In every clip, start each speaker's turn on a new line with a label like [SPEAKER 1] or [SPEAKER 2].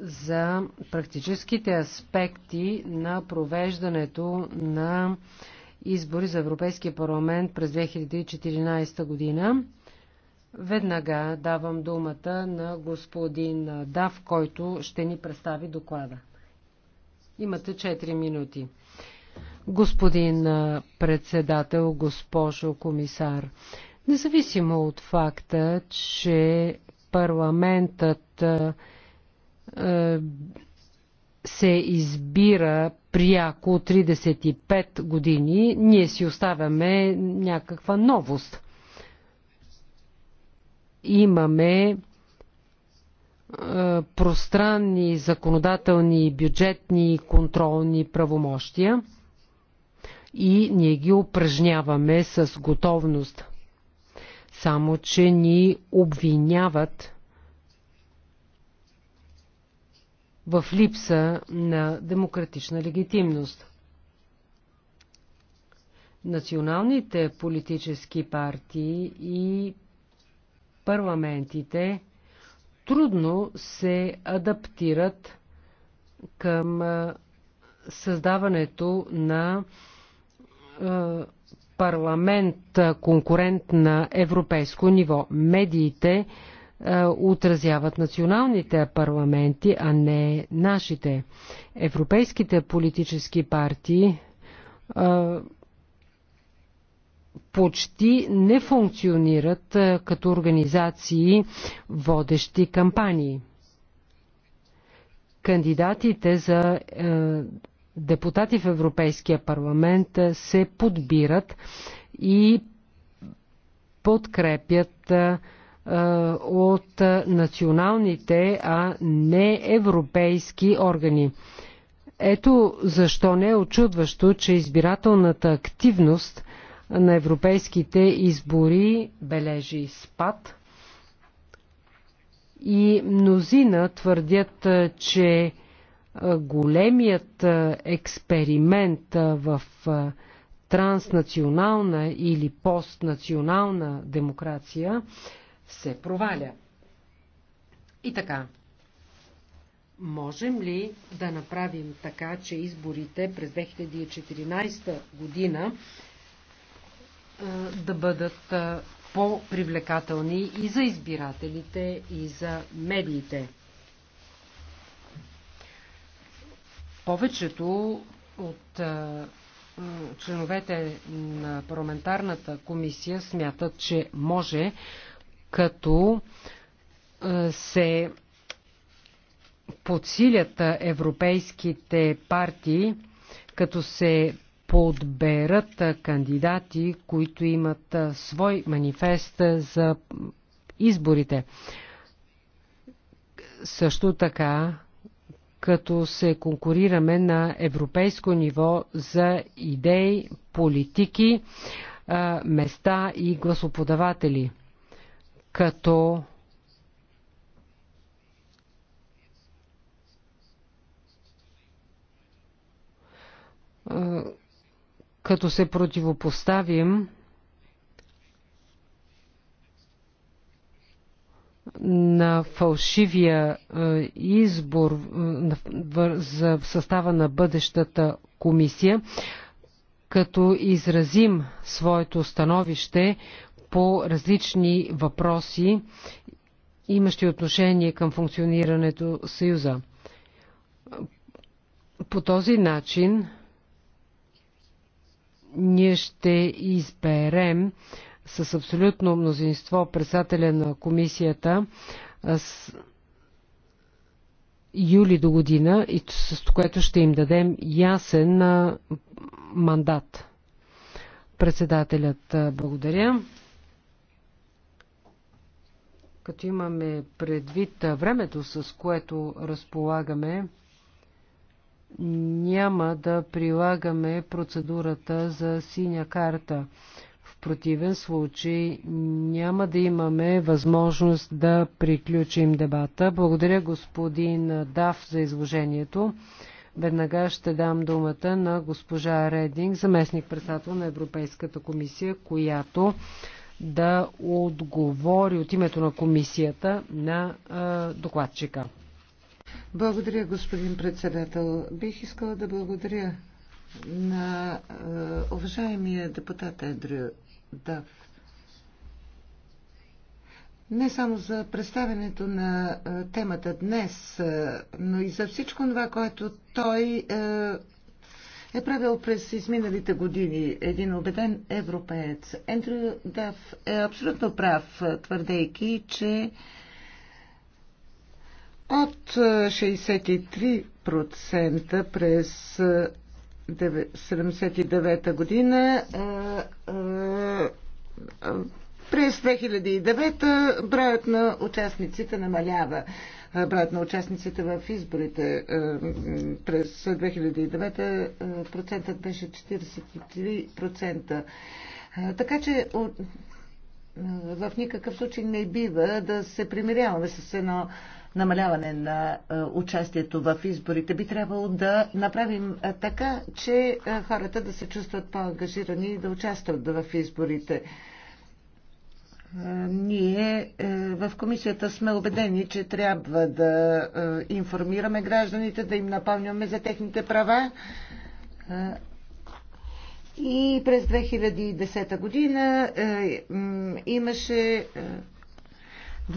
[SPEAKER 1] за практическите аспекти на провеждането на избори за Европейския парламент през 2014 година. Веднага давам думата на господин Дав, който ще ни представи доклада. Имате 4 минути. Господин председател, госпожо комисар, независимо от факта, че парламентът е, се избира пряко 35 години, ние си оставяме някаква новост. Имаме е, пространни законодателни, бюджетни и контролни правомощия и ние ги упражняваме с готовност. Само, че ни обвиняват в липса на демократична легитимност. Националните политически партии и парламентите трудно се адаптират към създаването на парламент конкурент на европейско ниво. Медиите е, отразяват националните парламенти, а не нашите. Европейските политически партии е, почти не функционират е, като организации, водещи кампании. Кандидатите за депутати в Европейския парламент се подбират и подкрепят е, от националните, а не европейски органи. Ето защо не е очудващо, че избирателната активност на европейските избори бележи спад и мнозина твърдят, че е, големият е, експеримент в транснационална или постнационална демокрация се проваля. И така, можем ли да направим така, че изборите през 2014 година да бъдат по-привлекателни и за избирателите, и за медиите? Повечето от членовете на парламентарната комисия смятат, че може като се подсилят европейските партии, като се подберат кандидати, които имат свой манифест за изборите. Също така, като се конкурираме на европейско ниво за идеи, политики, места и гласоподаватели – като като се противопоставим на фалшивия избор за състава на бъдещата комисия, като изразим своето становище по различни въпроси, имащи отношение към функционирането Съюза. По този начин ние ще изберем с абсолютно мнозинство председателя на комисията с юли до година и с което ще им дадем ясен мандат. Председателят благодаря. Като имаме предвид времето, с което разполагаме, няма да прилагаме процедурата за синя карта. В противен случай няма да имаме възможност да приключим дебата. Благодаря господин Дав за изложението. Веднага ще дам думата на госпожа Рединг, заместник председател на Европейската комисия, която да отговори от името на комисията на докладчика.
[SPEAKER 2] Благодаря, господин председател. Бих искала да благодаря на а, уважаемия депутат Едрю Дав. Не само за представенето на а, темата днес, а, но и за всичко това, което той а, е правил през изминалите години един убеден европеец. Ендрю Дав е абсолютно прав, твърдейки, че от 63% през 79-та година през 2009 броят на участниците намалява броят на участниците в изборите. Е, през 2009 е, процентът беше 43%. Е, така че в никакъв случай не бива да се примиряваме с едно намаляване на участието в изборите. Би трябвало да направим така, че хората да се чувстват по-ангажирани и да участват в изборите. Ние в комисията сме убедени, че трябва да е, информираме гражданите, да им напомняме за техните права. Е, и през 2010 година е, имаше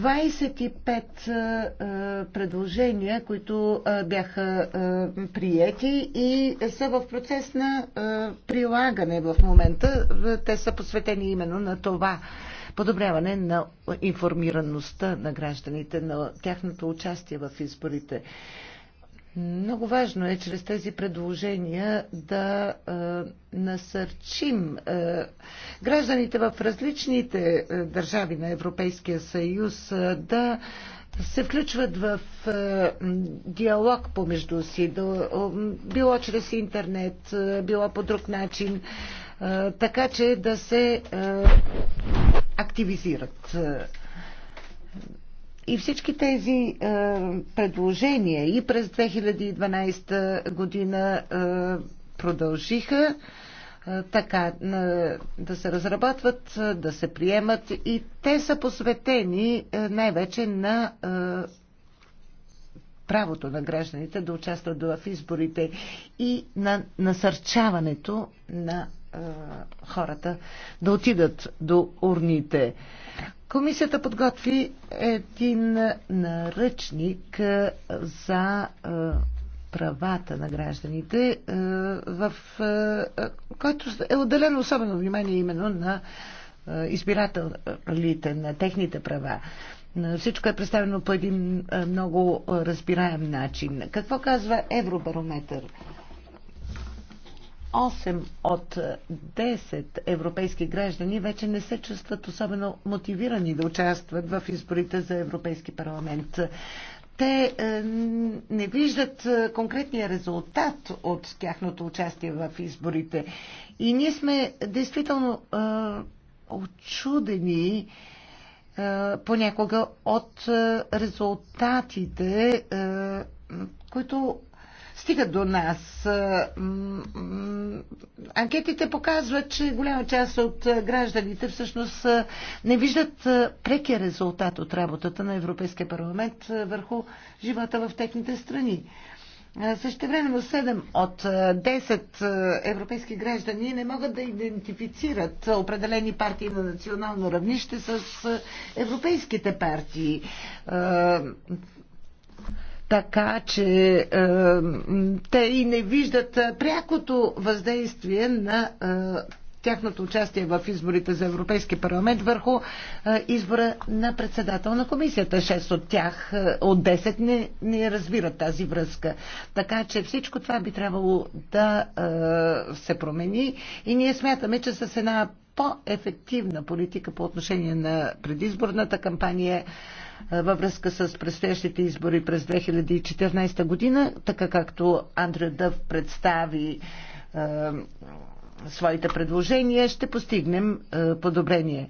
[SPEAKER 2] 25 предложения, които бяха приети и са в процес на прилагане в момента. Те са посветени именно на това подобряване на информираността на гражданите, на тяхното участие в изборите. Много важно е чрез тези предложения да е, насърчим е, гражданите в различните е, държави на Европейския съюз е, да се включват в е, диалог помежду си, да, е, било чрез интернет, е, било по друг начин. Е, така че да се активизират. И всички тези предложения и през 2012 година продължиха така да се разработват, да се приемат и те са посветени най-вече на правото на гражданите да участват в изборите и на насърчаването на хората да отидат до урните. Комисията подготви един наръчник за правата на гражданите, в който е отделено особено внимание именно на избирателите, на техните права. Всичко е представено по един много разбираем начин. Какво казва Евробарометър? 8 от 10 европейски граждани вече не се чувстват особено мотивирани да участват в изборите за Европейски парламент. Те е, не виждат е, конкретния резултат от тяхното участие в изборите. И ние сме действително е, очудени понякога от резултатите, които стигат до нас. Анкетите показват, че голяма част от гражданите всъщност не виждат прекия резултат от работата на Европейския парламент върху живота в техните страни. време 7 от 10 европейски граждани не могат да идентифицират определени партии на национално равнище с европейските партии така че е, те и не виждат е, прякото въздействие на е, тяхното участие в изборите за Европейски парламент върху е, избора на председател на комисията. Шест от тях, е, от 10 не, не разбират тази връзка. Така че всичко това би трябвало да е, се промени и ние смятаме, че с една по-ефективна политика по отношение на предизборната кампания във връзка с предстоящите избори през 2014 година, така както Андрю Дъв представи е, своите предложения, ще постигнем е, подобрение.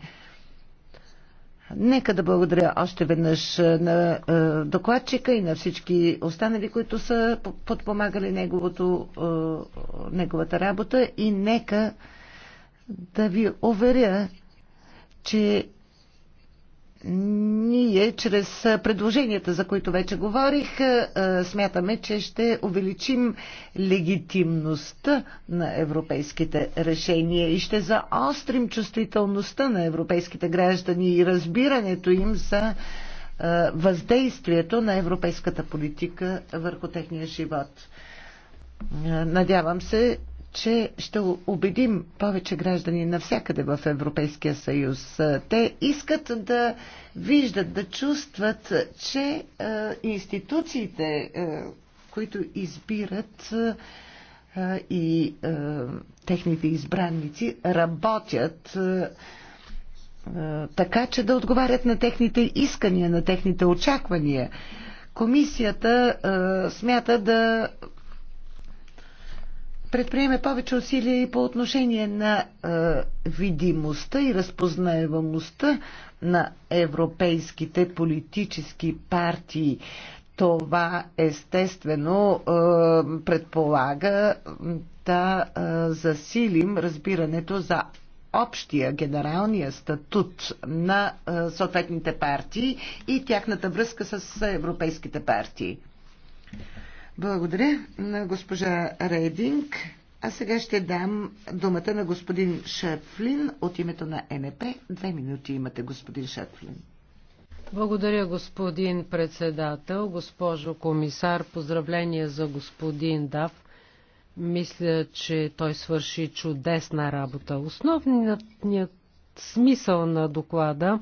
[SPEAKER 2] Нека да благодаря още веднъж на докладчика и на всички останали, които са подпомагали неговото, неговата работа и нека да ви уверя, че ние, чрез предложенията, за които вече говорих, смятаме, че ще увеличим легитимността на европейските решения и ще заострим чувствителността на европейските граждани и разбирането им за въздействието на европейската политика върху техния живот. Надявам се, че ще убедим повече граждани навсякъде в Европейския съюз. Те искат да виждат, да чувстват, че е, институциите, е, които избират е, и е, техните избранници, работят. Е, така, че да отговарят на техните искания, на техните очаквания. Комисията е, смята да предприеме повече усилия и по отношение на е, видимостта и разпознаемостта на европейските политически партии. Това естествено е, предполага да е, засилим разбирането за общия генералния статут на е, съответните партии и тяхната връзка с европейските партии. Благодаря на госпожа Рейдинг. А сега ще дам думата на господин Шефлин от името на НП. Две минути имате, господин Шефлин.
[SPEAKER 1] Благодаря, господин председател. Госпожо комисар, поздравления за господин Дав. Мисля, че той свърши чудесна работа. Основният смисъл на доклада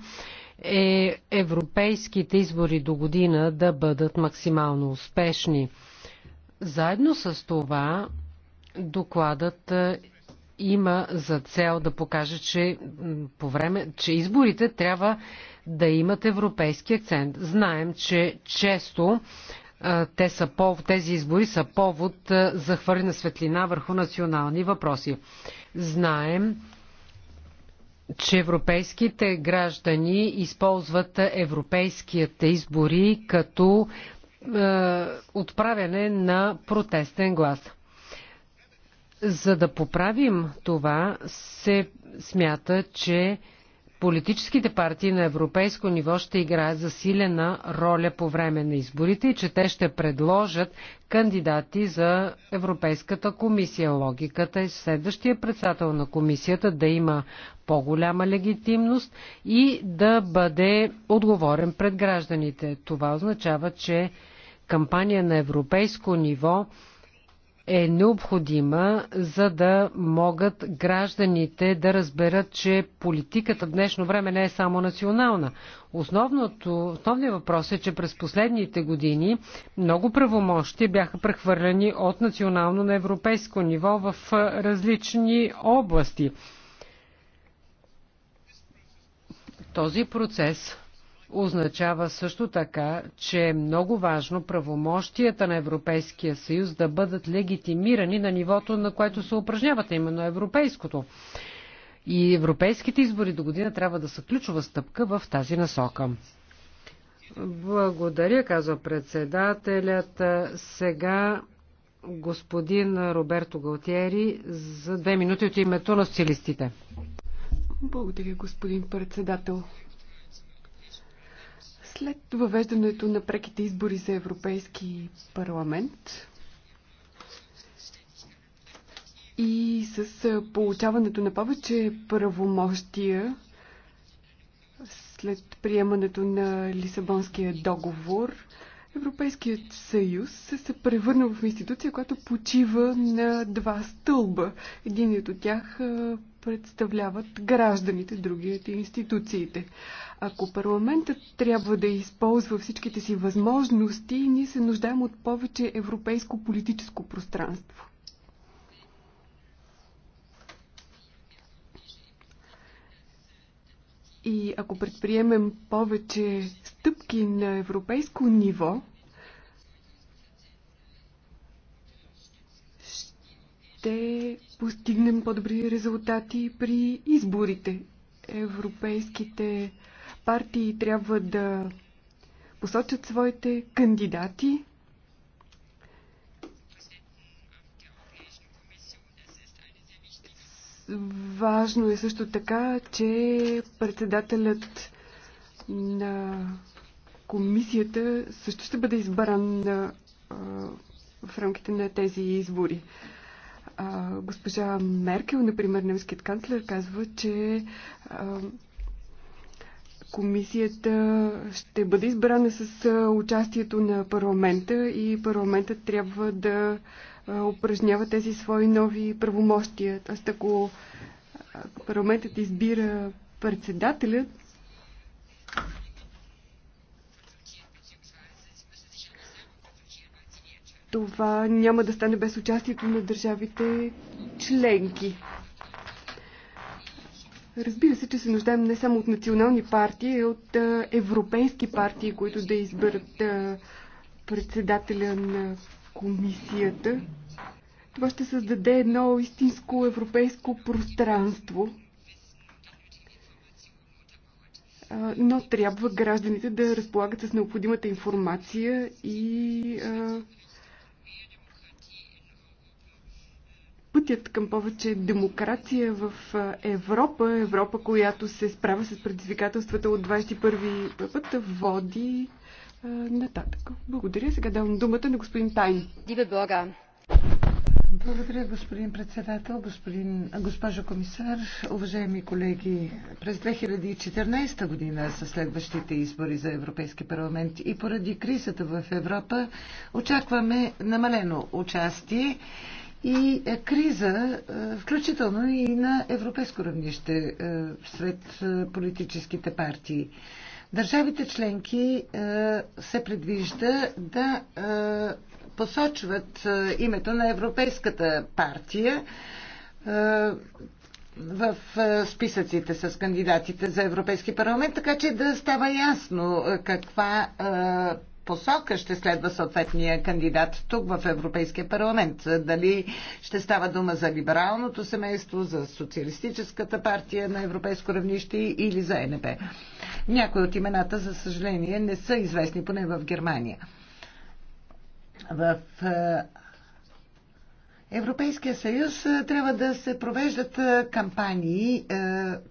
[SPEAKER 1] е европейските избори до година да бъдат максимално успешни. Заедно с това докладът е, има за цел да покаже, че, по време, че изборите трябва да имат европейски акцент. Знаем, че често е, те са пов... тези избори са повод е, за хвърлена светлина върху национални въпроси. Знаем, че европейските граждани използват европейските избори като е, отправяне на протестен глас. За да поправим това, се смята, че политическите партии на европейско ниво ще играят засилена роля по време на изборите и че те ще предложат кандидати за Европейската комисия. Логиката е следващия председател на комисията да има по-голяма легитимност и да бъде отговорен пред гражданите. Това означава, че кампания на европейско ниво е необходима, за да могат гражданите да разберат, че политиката в днешно време не е само национална. Основното, основният въпрос е, че през последните години много правомощи бяха прехвърлени от национално на европейско ниво в различни области. Този процес означава също така, че е много важно правомощията на Европейския съюз да бъдат легитимирани на нивото, на което се упражняват, именно европейското. И европейските избори до година трябва да са ключова стъпка в тази насока. Благодаря, казва председателят. Сега господин Роберто Галтиери за две минути от името на социалистите.
[SPEAKER 3] Благодаря, господин председател. След въвеждането на преките избори за Европейски парламент и с получаването на повече правомощия след приемането на Лисабонския договор, Европейският съюз се превърна в институция, която почива на два стълба. Единият от тях представляват гражданите, другите институциите. Ако парламентът трябва да използва всичките си възможности, ние се нуждаем от повече европейско политическо пространство. И ако предприемем повече стъпки на европейско ниво, ще постигнем по-добри резултати при изборите. Европейските партии трябва да посочат своите кандидати. Важно е също така, че председателят на комисията също ще бъде избран в рамките на тези избори. А, госпожа Меркел, например, немският канцлер, казва, че а, комисията ще бъде избрана с участието на парламента и парламентът трябва да упражнява тези свои нови правомощия. Тоест, ако парламентът избира председателят, Това няма да стане без участието на държавите членки. Разбира се, че се нуждаем не само от национални партии, а от европейски партии, които да изберат председателя на комисията. Това ще създаде едно истинско европейско пространство. Но трябва гражданите да разполагат с необходимата информация и пътят към повече демокрация в Европа, Европа, която се справя с предизвикателствата от 21 и път, води а, нататък. Благодаря. Сега давам думата на господин Тайн. Диве Бога.
[SPEAKER 2] Благодаря, господин председател, господин, госпожо комисар, уважаеми колеги. През 2014 година са следващите избори за Европейски парламент и поради кризата в Европа очакваме намалено участие и е, криза, е, включително и на европейско равнище е, сред политическите партии. Държавите членки се предвижда да посочват името на Европейската партия в списъците с кандидатите за Европейски парламент, така че да става ясно каква посока ще следва съответния кандидат тук в Европейския парламент. Дали ще става дума за либералното семейство, за социалистическата партия на европейско равнище или за НП. Някои от имената, за съжаление, не са известни, поне в Германия. В е, Европейския съюз е, трябва да се провеждат е, кампании, е,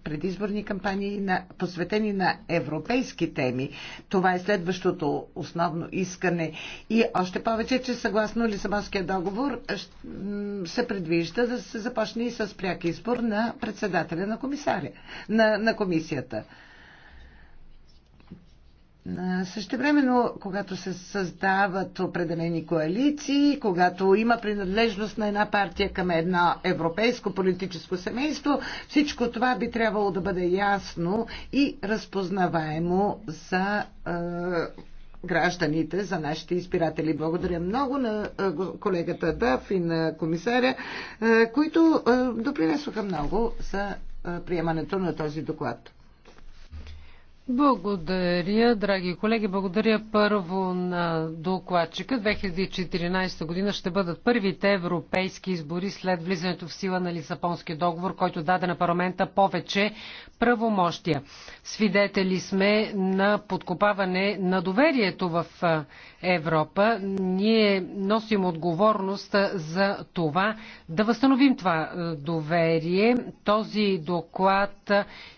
[SPEAKER 2] предизборни кампании, на, посветени на европейски теми. Това е следващото основно искане. И още повече, че съгласно Лисабонския договор се предвижда да се започне и с пряк избор на председателя на, комисаря, на, на комисията но когато се създават определени коалиции, когато има принадлежност на една партия към едно европейско политическо семейство, всичко това би трябвало да бъде ясно и разпознаваемо за е, гражданите, за нашите избиратели. Благодаря много на е, колегата Дав и на комисаря, е, които е, допринесоха много за е, приемането на този доклад.
[SPEAKER 1] Благодаря, драги колеги. Благодаря първо на докладчика. 2014 година ще бъдат първите европейски избори след влизането в сила на Лисапонския договор, който даде на парламента повече правомощия. Свидетели сме на подкопаване на доверието в Европа, ние носим отговорност за това да възстановим това е, доверие. Този доклад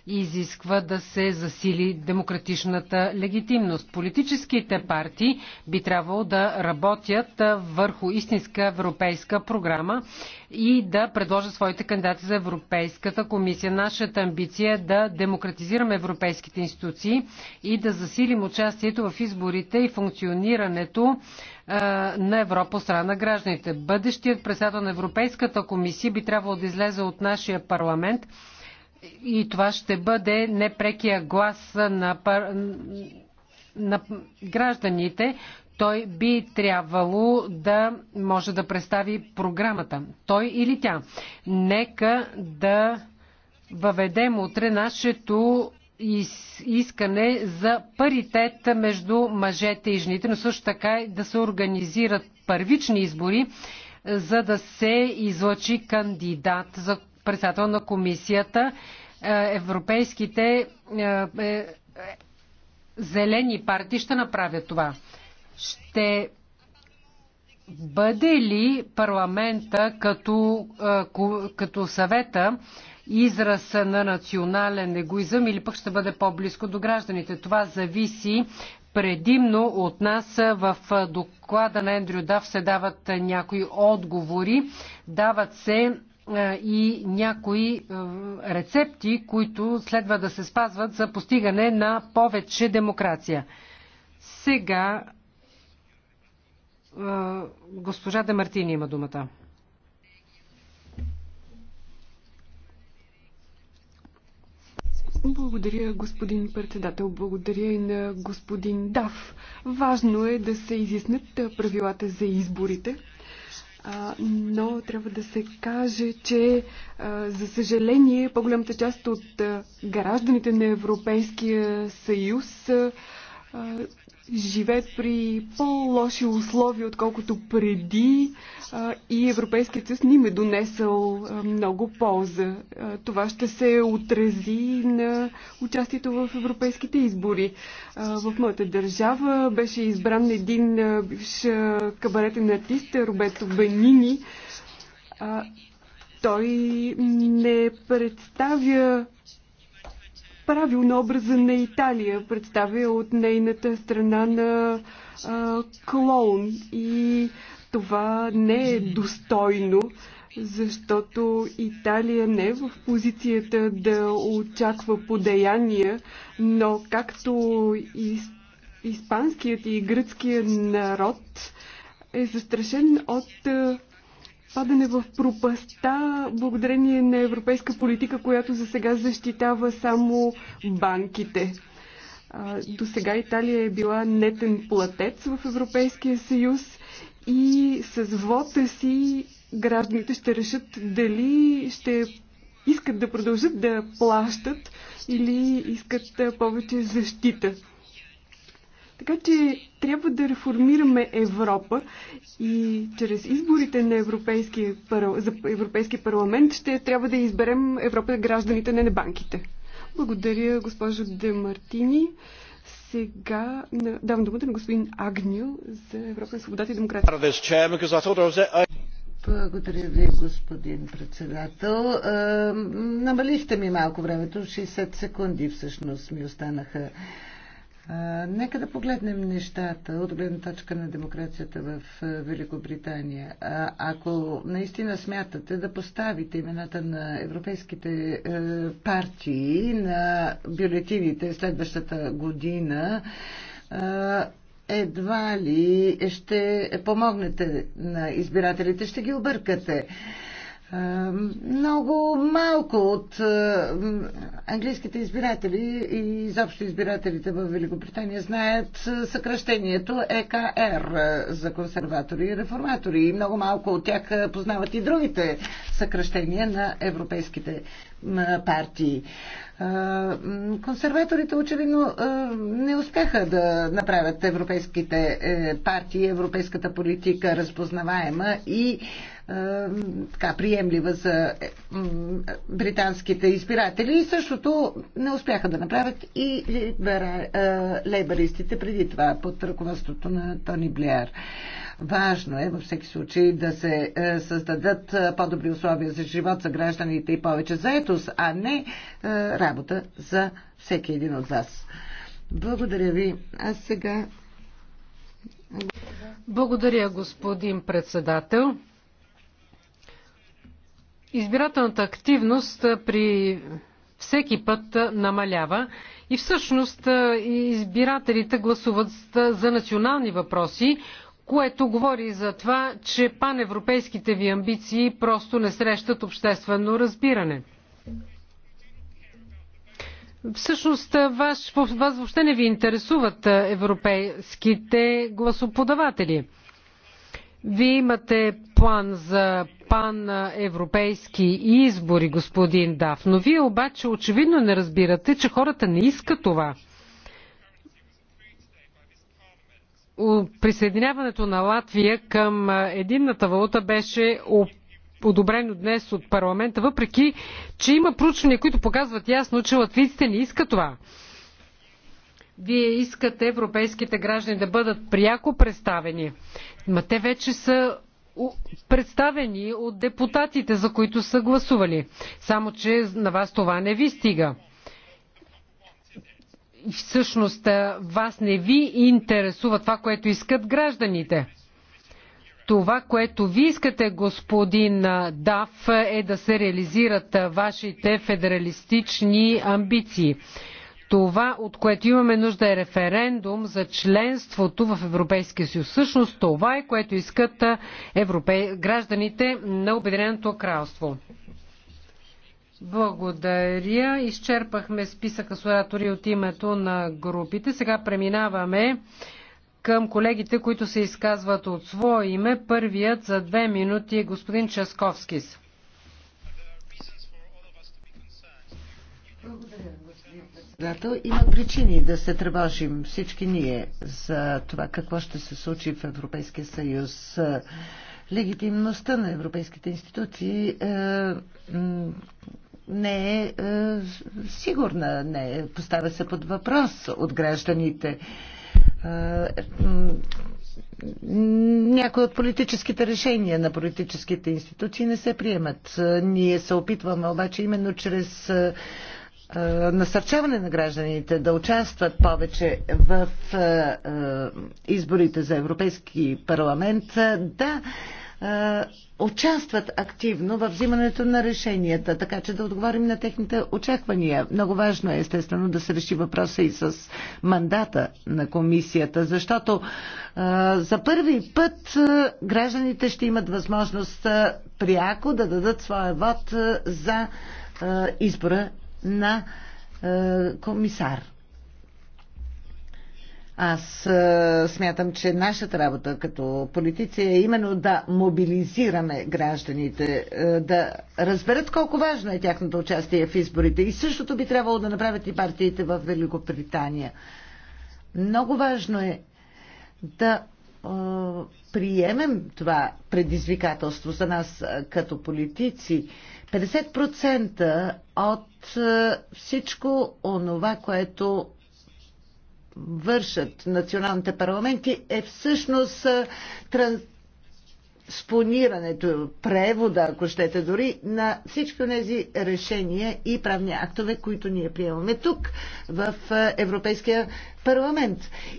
[SPEAKER 1] изисква да се засили демократичната легитимност. Политическите партии би трябвало да работят е, върху истинска европейска програма и да предложат своите кандидати за Европейската комисия. Нашата амбиция е да демократизираме европейските институции и да засилим участието в изборите и функциониране сближаването на Европа от страна на гражданите. Бъдещият председател на Европейската комисия би трябвало да излезе от нашия парламент и това ще бъде непрекия глас на, пар... на гражданите. Той би трябвало да може да представи програмата. Той или тя. Нека да въведем утре нашето искане за паритет между мъжете и жените, но също така и да се организират първични избори, за да се излъчи кандидат за председател на комисията. Е, европейските е, е, зелени партии ще направят това. Ще бъде ли парламента като, като съвета израз на национален егоизъм или пък ще бъде по-близко до гражданите. Това зависи предимно от нас. В доклада на Ендрю Дав се дават някои отговори, дават се е, и някои е, рецепти, които следва да се спазват за постигане на повече демокрация. Сега е, госпожа Демартини има думата.
[SPEAKER 3] Благодаря, господин председател. Благодаря и на господин Дав. Важно е да се изяснат правилата за изборите, но трябва да се каже, че за съжаление по-голямата част от гражданите на Европейския съюз живеят при по-лоши условия, отколкото преди и Европейският съюз ни е донесъл много полза. Това ще се отрази на участието в европейските избори. В моята държава беше избран един бивш кабаретен артист, Роберто Бенини. Той не представя правилно образа на Италия, представя от нейната страна на а, клоун. И това не е достойно, защото Италия не е в позицията да очаква подаяния, но както и испанският и гръцкият народ е застрашен от падане в пропаста благодарение на европейска политика, която за сега защитава само банките. До сега Италия е била нетен платец в Европейския съюз и с вота си гражданите ще решат дали ще искат да продължат да плащат или искат повече защита. Така че трябва да реформираме Европа и чрез изборите на Европейски, за Европейски парламент ще трябва да изберем Европа гражданите, не на банките. Благодаря, госпожо Демартини. Сега давам думата на господин Агнио за Европа на свободата и
[SPEAKER 4] демокрация.
[SPEAKER 3] Благодаря ви, господин председател.
[SPEAKER 2] Е, намалихте ми малко времето, 60 секунди всъщност ми останаха. Нека да погледнем нещата от гледна точка на демокрацията в Великобритания. Ако наистина смятате да поставите имената на европейските партии на бюлетините следващата година, едва ли ще помогнете на избирателите, ще ги объркате. Е, много малко от е, английските избиратели и изобщо избирателите в Великобритания знаят е, съкръщението ЕКР за консерватори и реформатори. И много малко от тях познават и другите съкръщения на европейските партии. Консерваторите очевидно не успяха да направят европейските партии, европейската политика разпознаваема и е, така приемлива за е, британските избиратели. И същото не успяха да направят и е, лейбаристите преди това под ръководството на Тони Блеар. Важно е във всеки случай да се създадат по-добри условия за живот за гражданите и повече заетост, а не работа за всеки един от вас.
[SPEAKER 1] Благодаря ви. А сега. Благодаря, господин председател избирателната активност при всеки път намалява и всъщност избирателите гласуват за национални въпроси, което говори за това, че паневропейските ви амбиции просто не срещат обществено разбиране. Всъщност, вас, въобще не ви интересуват европейските гласоподаватели. Вие имате план за паневропейски избори, господин Даф, но вие обаче очевидно не разбирате, че хората не искат това. Присъединяването на Латвия към единната валута беше одобрено днес от парламента, въпреки че има проучвания, които показват ясно, че латвийците не искат това. Вие искате европейските граждани да бъдат пряко представени. Ма те вече са представени от депутатите, за които са гласували. Само, че на вас това не ви стига. Всъщност, вас не ви интересува това, което искат гражданите. Това, което ви искате, господин Дав, е да се реализират вашите федералистични амбиции. Това, от което имаме нужда е референдум за членството в Европейския съюз. Всъщност това е, което искат европе... гражданите на Обединеното кралство. Благодаря. Изчерпахме списъка с оратори от името на групите. Сега преминаваме към колегите, които се изказват от свое име. Първият за две минути е господин Часковскис. Благодаря председател. Има причини
[SPEAKER 2] да се тревожим всички ние за това какво ще се случи в Европейския съюз. Легитимността на европейските институции е, не е, е сигурна, не е, поставя се под въпрос от гражданите. Е, някои от политическите решения на политическите институции не се приемат. Ние се опитваме обаче именно чрез е, насърчаване на гражданите да участват повече в изборите за Европейски парламент, да участват активно в взимането на решенията, така че да отговорим на техните очаквания. Много важно е, естествено, да се реши въпроса и с мандата на комисията, защото а, за първи път а, гражданите ще имат възможност а, пряко да дадат своя вод а, за избора на е, комисар. Аз е, смятам, че нашата работа като политици е именно да мобилизираме гражданите, е, да разберат колко важно е тяхното участие в изборите. И същото би трябвало да направят и партиите в Великобритания. Много важно е да приемем това предизвикателство за нас като политици. 50% от всичко онова, което вършат националните парламенти, е всъщност транс спонирането, превода, ако щете дори, на всички тези решения и правни актове, които ние приемаме тук в е, Европейския парламент.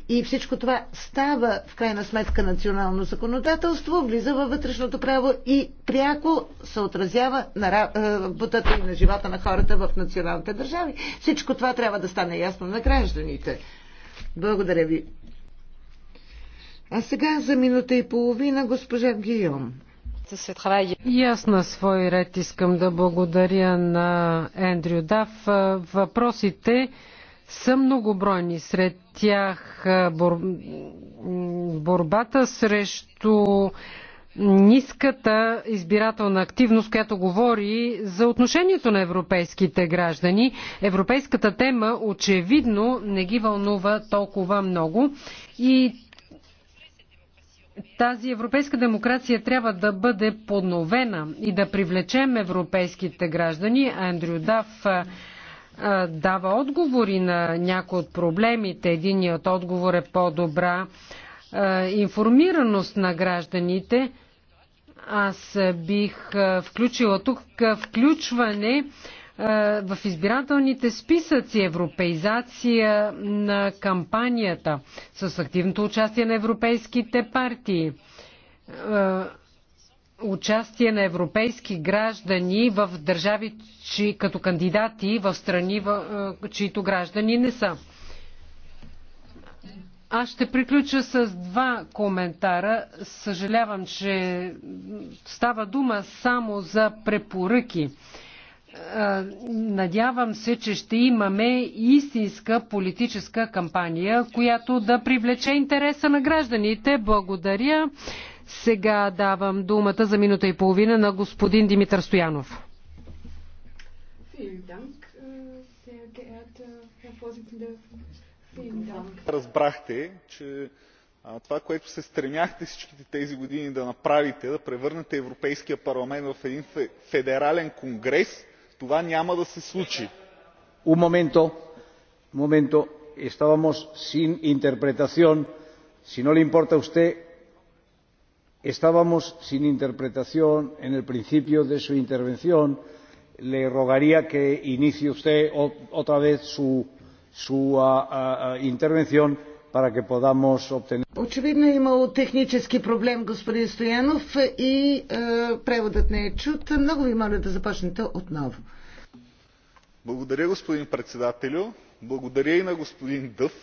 [SPEAKER 2] И всичко това става в крайна сметка национално законодателство, влиза във вътрешното право и пряко се отразява на е, работата и на живота на хората в националните държави. Всичко това трябва да стане ясно на гражданите. Благодаря ви.
[SPEAKER 1] А сега за минута и половина госпожа Гийом. И аз на свой ред искам да благодаря на Ендрю Дав. Въпросите са многобройни. Сред тях бор... борбата срещу ниската избирателна активност, която говори за отношението на европейските граждани. Европейската тема очевидно не ги вълнува толкова много и тази европейска демокрация трябва да бъде подновена и да привлечем европейските граждани. Андрю Дав дава отговори на някои от проблемите. Единият отговор е по-добра информираност на гражданите. Аз бих включила тук включване е, в избирателните списъци европеизация на кампанията с активното участие на европейските партии е, участие на европейски граждани в държави, чи, като кандидати в страни, в, е, чието граждани не са. Аз ще приключа с два коментара. Съжалявам, че става дума само за препоръки. Е, надявам се, че ще имаме истинска политическа кампания, която да привлече интереса на гражданите. Благодаря. Сега давам думата за минута и половина на господин Димитър Стоянов.
[SPEAKER 4] Разбрахте, че това, което се стремяхте всичките тези години да направите, да превърнете Европейския парламент в един федерален конгрес, това няма да се случи. Un momento, un momento. Estábamos sin interpretación. Si no le importa a usted,
[SPEAKER 2] estábamos sin interpretación en el principio de su intervención. Le rogaría que inicie usted otra vez su, intervención Очевидно е имало технически проблем, господин Стоянов, и е, преводът не е чут. Много ви моля да започнете отново.
[SPEAKER 4] Благодаря, господин председателю. Благодаря и на господин Дъв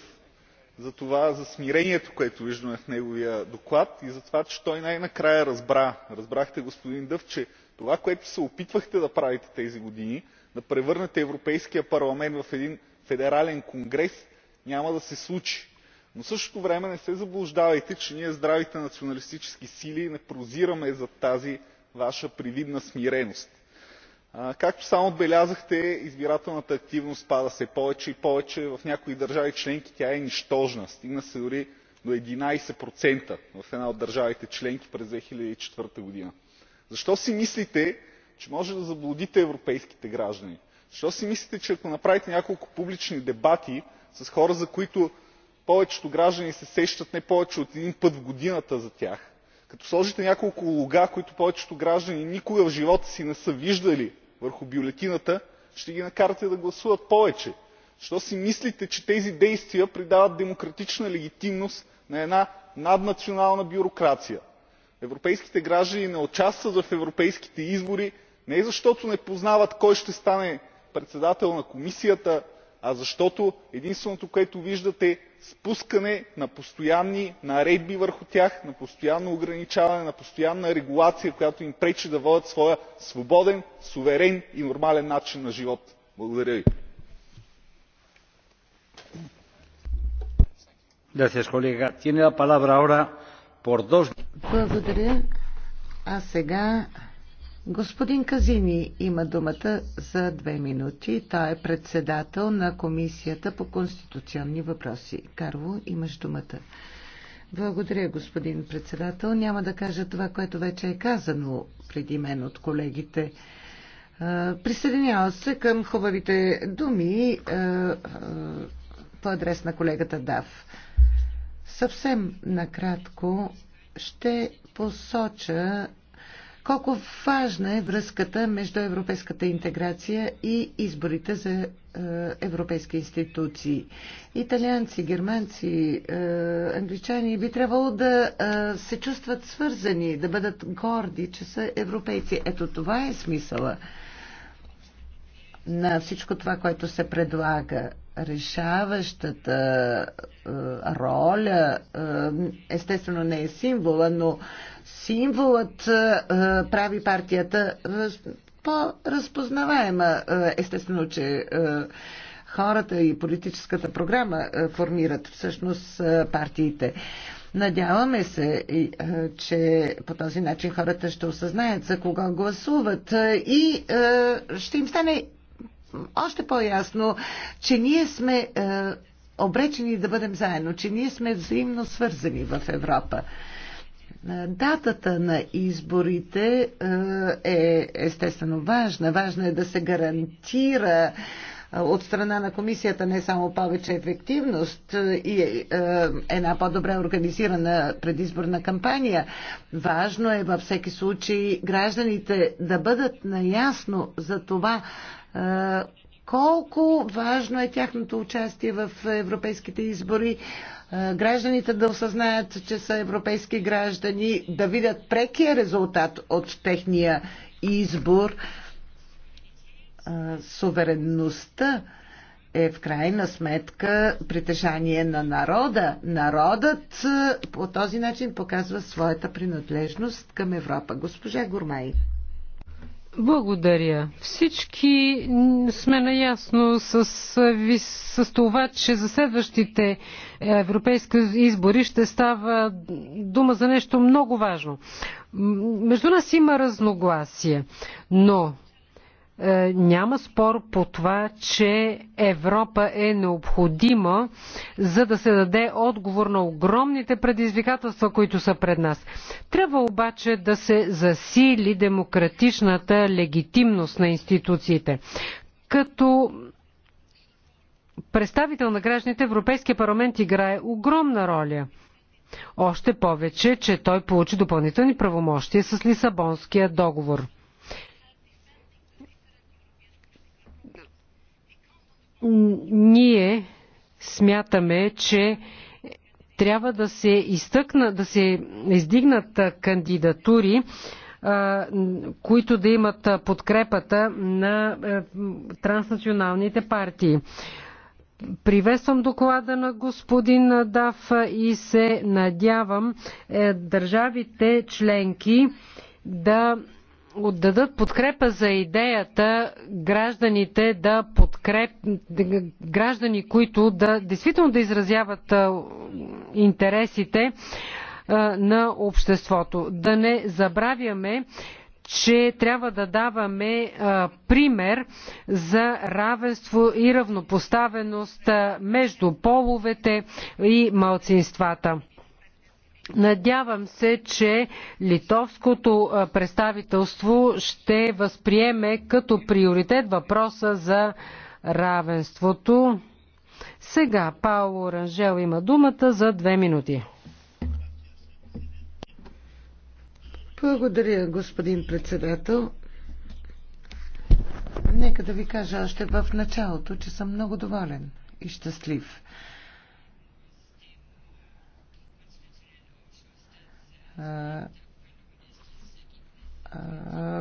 [SPEAKER 4] за това, за смирението, което виждаме в неговия доклад и за това, че той най-накрая разбра. Разбрахте, господин Дъв, че това, което се опитвахте да правите тези години, да превърнете Европейския парламент в един федерален конгрес, няма да се случи но в същото време не се заблуждавайте че ние здравите националистически сили не прозираме зад тази ваша привидна смиреност. както само отбелязахте избирателната активност пада се повече и повече. в някои държави членки тя е нищожна стигна се дори до 11% в една от държавите членки през. 2004 година. защо си мислите че може да заблудите европейските граждани? защо си мислите че ако направите няколко публични дебати с хора за които повечето граждани се сещат не повече от един път в годината за тях, като сложите няколко луга, които повечето граждани никога в живота си не са виждали върху бюлетината, ще ги накарате да гласуват повече. Защо си мислите, че тези действия придават демократична легитимност на една наднационална бюрокрация? Европейските граждани не участват в европейските избори не защото не познават кой ще стане председател на комисията, а защото единственото което виждат е спускане на постоянни наредби върху тях на постоянно ограничаване на постоянна регулация която им пречи да водят своя свободен суверен и нормален начин на живот. благодаря ви.
[SPEAKER 2] Господин Казини има думата за две минути. Той е председател на Комисията по конституционни въпроси. Карло, имаш думата. Благодаря, господин председател. Няма да кажа това, което вече е казано преди мен от колегите. Присъединявам се към хубавите думи по адрес на колегата Дав. Съвсем накратко ще посоча колко важна е връзката между европейската интеграция и изборите за е, европейски институции. Италианци, германци, е, англичани би трябвало да е, се чувстват свързани, да бъдат горди, че са европейци. Ето това е смисъла на всичко това, което се предлага решаващата е, роля е, естествено не е символа, но символът е, прави партията по-разпознаваема. Естествено, че хората и политическата програма формират всъщност партиите. Надяваме се, че по този начин хората ще осъзнаят за кого гласуват и ще им стане още по-ясно, че ние сме е, обречени да бъдем заедно, че ние сме взаимно свързани в Европа. Е, датата на изборите е, е естествено важна. Важно е да се гарантира от страна на комисията не само повече ефективност и една по-добре организирана предизборна кампания. Важно е във всеки случай гражданите да бъдат наясно за това колко важно е тяхното участие в европейските избори, гражданите да осъзнаят, че са европейски граждани, да видят прекия резултат от техния избор. Суверенността е в крайна сметка притежание на народа. Народът по този начин показва своята принадлежност към Европа. Госпожа Гормай.
[SPEAKER 1] Благодаря. Всички сме наясно с, с това, че за следващите европейски избори ще става дума за нещо много важно. Между нас има разногласие, но е, няма спор по това, че Европа е необходима, за да се даде отговор на огромните предизвикателства, които са пред нас. Трябва обаче да се засили демократичната легитимност на институциите. Като представител на гражданите Европейския парламент играе огромна роля. Още повече, че той получи допълнителни правомощия с Лисабонския договор. Ние смятаме, че трябва да се изтъкна, да се издигнат кандидатури, които да имат подкрепата на транснационалните партии. Приветствам доклада на господин Дав и се надявам е, държавите членки да отдадат подкрепа за идеята гражданите да подкреп... граждани, които да действително да изразяват интересите на обществото. Да не забравяме, че трябва да даваме а, пример за равенство и равнопоставеност между половете и малцинствата. Надявам се, че литовското представителство ще възприеме като приоритет въпроса за равенството. Сега Пауло Ранжел има думата за две минути. Благодаря, господин председател.
[SPEAKER 2] Нека да ви кажа още в началото, че съм много доволен и щастлив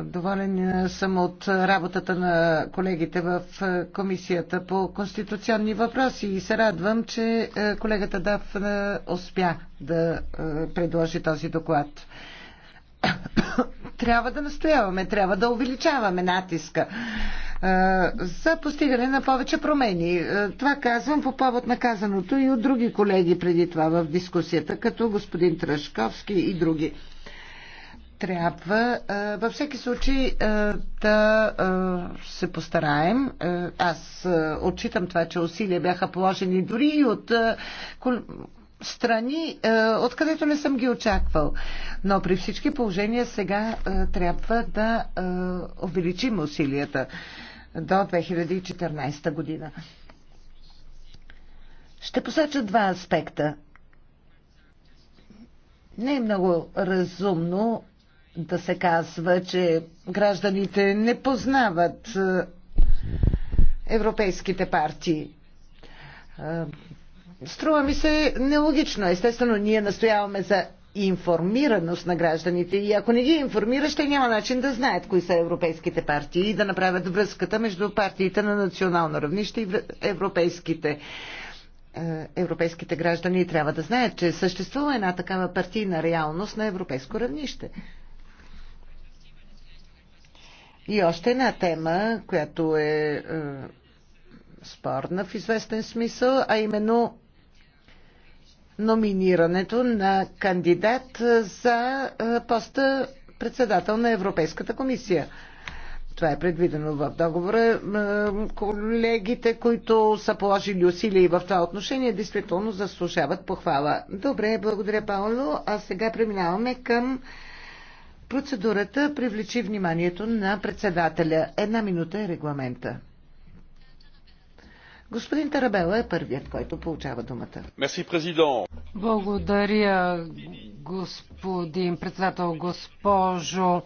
[SPEAKER 2] Доволен съм от работата на колегите в Комисията по конституционни въпроси и се радвам, че колегата Дав успя да предложи този доклад трябва да настояваме, трябва да увеличаваме натиска за постигане на повече промени. Това казвам по повод на казаното и от други колеги преди това в дискусията, като господин Трашковски и други. Трябва във всеки случай да се постараем. Аз отчитам това, че усилия бяха положени дори и от страни, е, откъдето не съм ги очаквал. Но при всички положения сега е, трябва да е, увеличим усилията до 2014 година. Ще посоча два аспекта. Не е много разумно да се казва, че гражданите не познават европейските партии. Струва ми се нелогично. Естествено, ние настояваме за информираност на гражданите и ако не ги информираш, те няма начин да знаят кои са европейските партии и да направят връзката между партиите на национално равнище и европейските. Е, европейските граждани трябва да знаят, че съществува една такава партийна реалност на европейско равнище. И още една тема, която е, е спорна в известен смисъл, а именно номинирането на кандидат за е, поста председател на Европейската комисия. Това е предвидено в договора. Е, колегите, които са положили усилия в това отношение, действително заслужават похвала. Добре, благодаря, Пауло. А сега преминаваме към процедурата. Привлечи вниманието на председателя. Една минута е регламента. Господин Тарабела е първият, който получава
[SPEAKER 4] думата.
[SPEAKER 1] Благодаря, господин председател, госпожо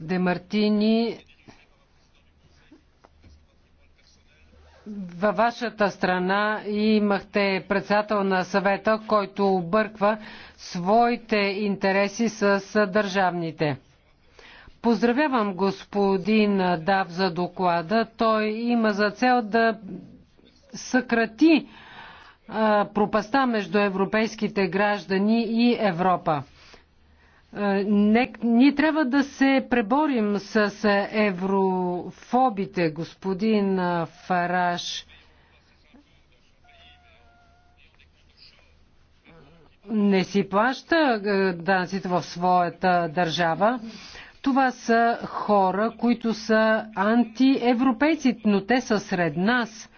[SPEAKER 1] Демартини. Във вашата страна имахте председател на съвета, който обърква своите интереси с държавните. Поздравявам господин Дав за доклада. Той има за цел да съкрати пропаста между европейските граждани и Европа. Не, ние трябва да се преборим с еврофобите, господин Фараш. Не си плаща данците в своята държава. Това са хора, които са антиевропейци, но те са сред нас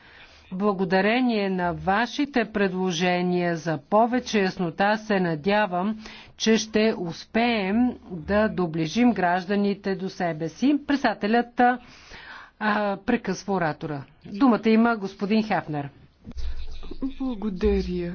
[SPEAKER 1] Благодарение на вашите предложения за повече яснота се надявам, че ще успеем да доближим гражданите до себе си. Председателят прекъсва оратора. Думата има господин Хефнер.
[SPEAKER 3] Благодаря.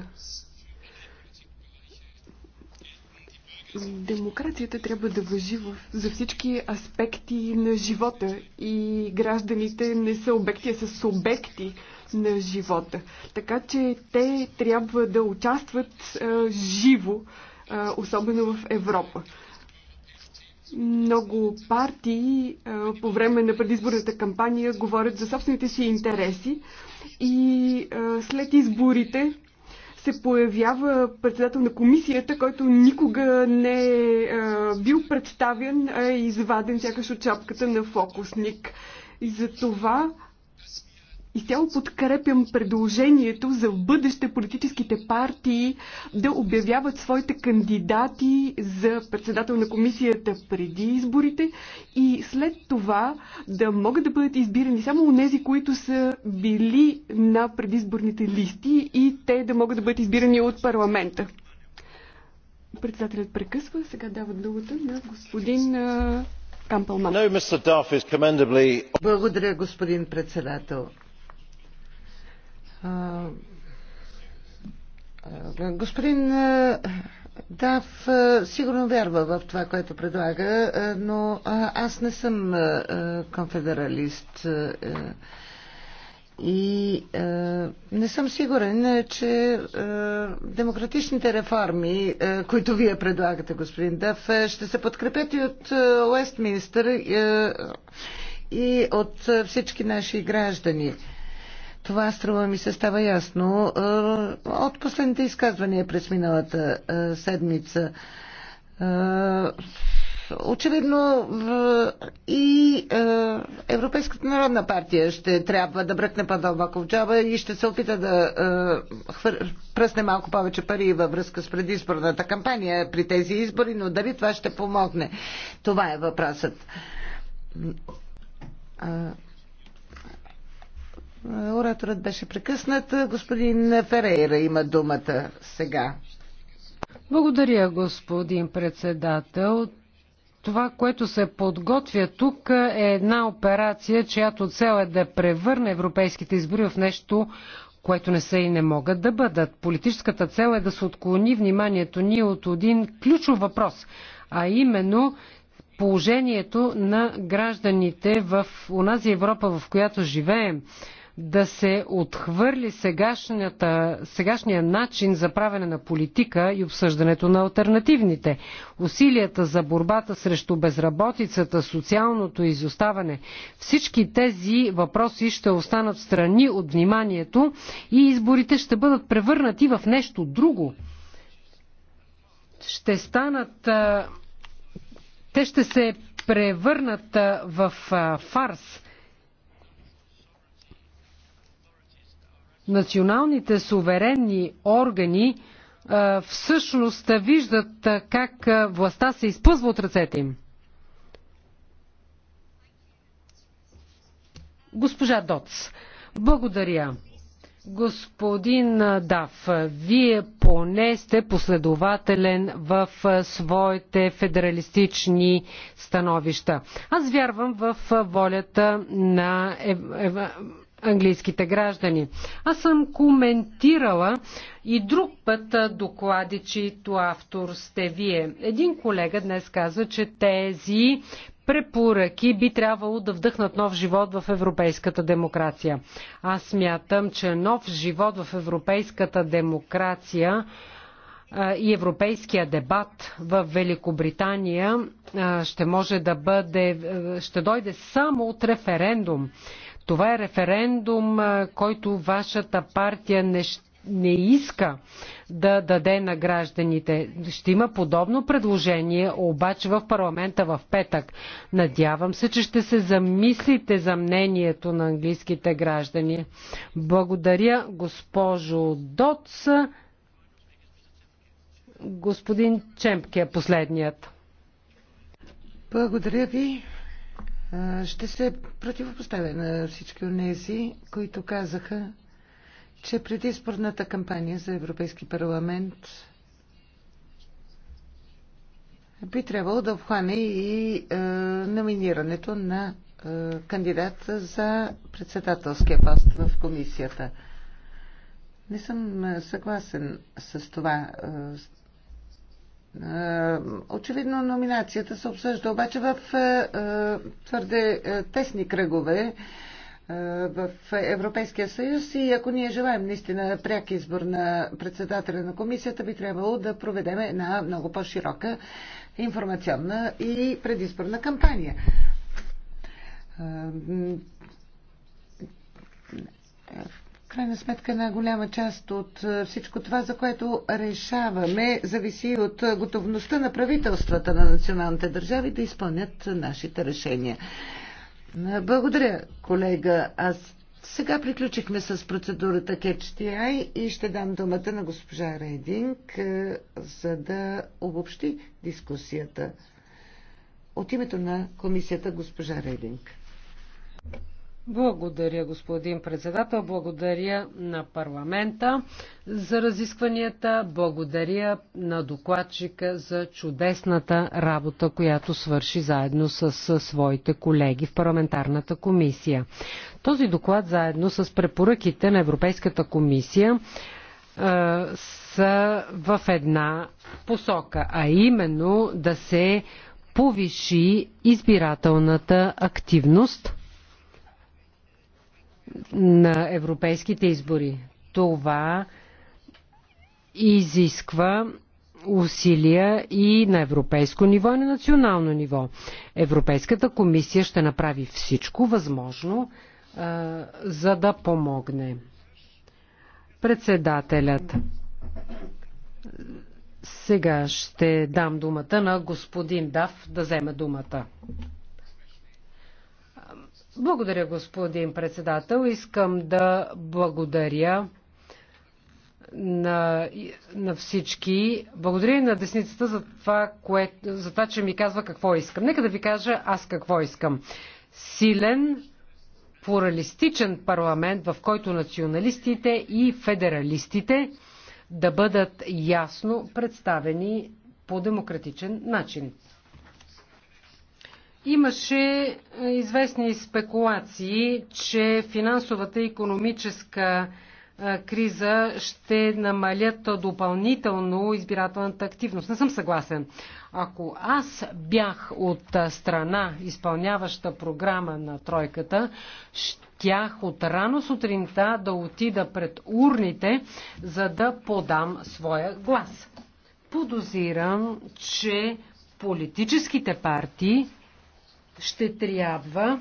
[SPEAKER 3] Демокрацията трябва да въжи за всички аспекти на живота и гражданите не са обекти, а са субекти на живота. Така че те трябва да участват а, живо, а, особено в Европа. Много партии а, по време на предизборната кампания говорят за собствените си интереси и а, след изборите се появява председател на комисията, който никога не е бил представен, а е изваден сякаш от чапката на фокусник. И за това Изцяло подкрепям предложението за бъдеще политическите партии да обявяват своите кандидати за председател на комисията преди изборите и след това да могат да бъдат избирани само у нези, които са били на предизборните листи и те да могат да бъдат избирани от парламента. Председателят прекъсва. Сега дава думата на господин
[SPEAKER 2] Кампълман. Благодаря, господин председател. Господин Дав сигурно вярва в това, което предлага, но аз не съм конфедералист и не съм сигурен, че демократичните реформи, които вие предлагате, господин Дав, ще се подкрепят и от Уестминстър и от всички наши граждани. Това, струва ми се, става ясно е, от последните изказвания през миналата е, седмица. Е, очевидно и Европейската народна партия ще трябва да бръкне по-дълбоко в джоба и ще се опита да пръсне малко повече пари във връзка с предизборната кампания при тези избори, но дали това ще помогне? Това е въпросът. Ораторът беше прекъснат. Господин Ферейра има думата сега.
[SPEAKER 1] Благодаря, господин председател. Това, което се подготвя тук е една операция, чиято цел е да превърне европейските избори в нещо, което не са и не могат да бъдат. Политическата цел е да се отклони вниманието ни от един ключов въпрос, а именно положението на гражданите в унази Европа, в която живеем да се отхвърли сегашния начин за правене на политика и обсъждането на альтернативните. Усилията за борбата срещу безработицата, социалното изоставане, всички тези въпроси ще останат страни от вниманието и изборите ще бъдат превърнати в нещо друго. Ще станат. Те ще се превърнат в фарс националните суверенни органи всъщност виждат как властта се изпъзва от ръцете им. Госпожа Доц, благодаря. Господин Дав, вие поне сте последователен в своите федералистични становища. Аз вярвам в волята на е, е, английските граждани. Аз съм коментирала и друг път доклади, чието автор сте вие. Един колега днес каза, че тези препоръки би трябвало да вдъхнат нов живот в европейската демокрация. Аз смятам, че нов живот в европейската демокрация и европейския дебат в Великобритания ще може да бъде, ще дойде само от референдум. Това е референдум, който вашата партия не, не иска да даде на гражданите. Ще има подобно предложение, обаче в парламента в петък. Надявам се, че ще се замислите за мнението на английските граждани. Благодаря, госпожо Доц. Господин Чемпке е последният. Благодаря ви ще се противопоставя на
[SPEAKER 2] всички онези, които казаха, че предизборната кампания за Европейски парламент би трябвало да обхване и е, номинирането на е, кандидат за председателския пост в комисията. Не съм съгласен с това. Е, очевидно номинацията се обсъжда обаче в е, е, твърде тесни кръгове в Европейския съюз и ако ние желаем наистина пряк избор на председателя на комисията, би трябвало да проведем една много по-широка информационна и предизборна кампания. В крайна сметка на голяма част от е, всичко това, за което решаваме, зависи от е, готовността на правителствата на националните държави да изпълнят нашите решения. Е, благодаря, колега. Аз сега приключихме с процедурата CatchTI и ще дам думата на госпожа Рейдинг, за да обобщи дискусията. От името на комисията госпожа Рейдинг.
[SPEAKER 1] Благодаря, господин председател. Благодаря на парламента за разискванията. Благодаря на докладчика за чудесната работа, която свърши заедно с своите колеги в парламентарната комисия. Този доклад заедно с препоръките на Европейската комисия е, са в една посока, а именно да се повиши избирателната активност – на европейските избори. Това изисква усилия и на европейско ниво и на национално ниво. Европейската комисия ще направи всичко възможно, а, за да помогне. Председателят. Сега ще дам думата на господин Дав да вземе думата. Благодаря, господин председател. Искам да благодаря на, на всички. Благодаря на десницата за това, кое, за това, че ми казва какво искам. Нека да ви кажа аз какво искам. Силен, плуралистичен парламент, в който националистите и федералистите да бъдат ясно представени по демократичен начин. Имаше е, известни спекулации, че финансовата и економическа е, криза ще намалят допълнително избирателната активност. Не съм съгласен. Ако аз бях от е, страна, изпълняваща програма на тройката, щях от рано сутринта да отида пред урните, за да подам своя глас. Подозирам, че политическите партии ще трябва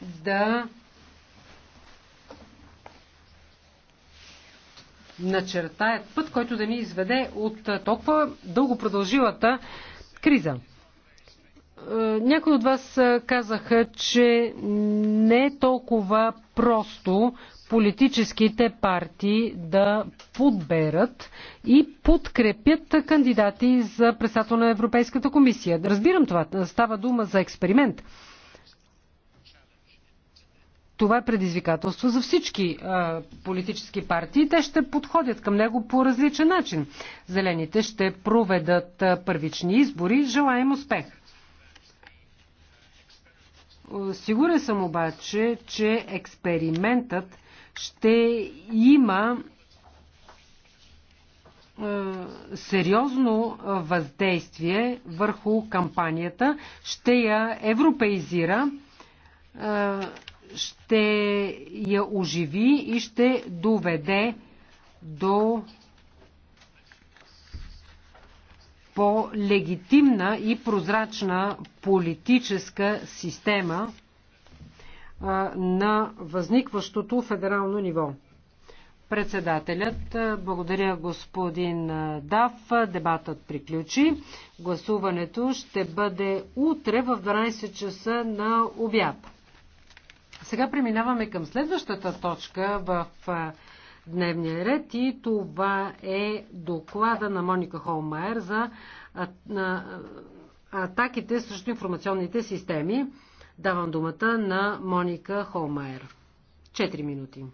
[SPEAKER 1] да начертаят път, който да ни изведе от толкова дълго продължилата криза. Е, някои от вас е, казаха, че не е толкова просто политическите партии да подберат и подкрепят кандидати за председател на Европейската комисия. Разбирам това. Става дума за експеримент. Това е предизвикателство за всички а, е, политически партии. Те ще подходят към него по различен начин. Зелените ще проведат а, първични избори. Желаем успех! Сигурен съм обаче, че експериментът ще има е, сериозно въздействие върху кампанията, ще я европеизира, е, ще я оживи и ще доведе до по-легитимна и прозрачна политическа система на възникващото федерално ниво. Председателят, благодаря господин Дав, дебатът приключи. Гласуването ще бъде утре в 12 часа на обяд. Сега преминаваме към следващата точка в дневния ред и това е доклада на Моника Холмайер за атаките срещу информационните системи. Давам думата на Моника Холмайер. Четири минути.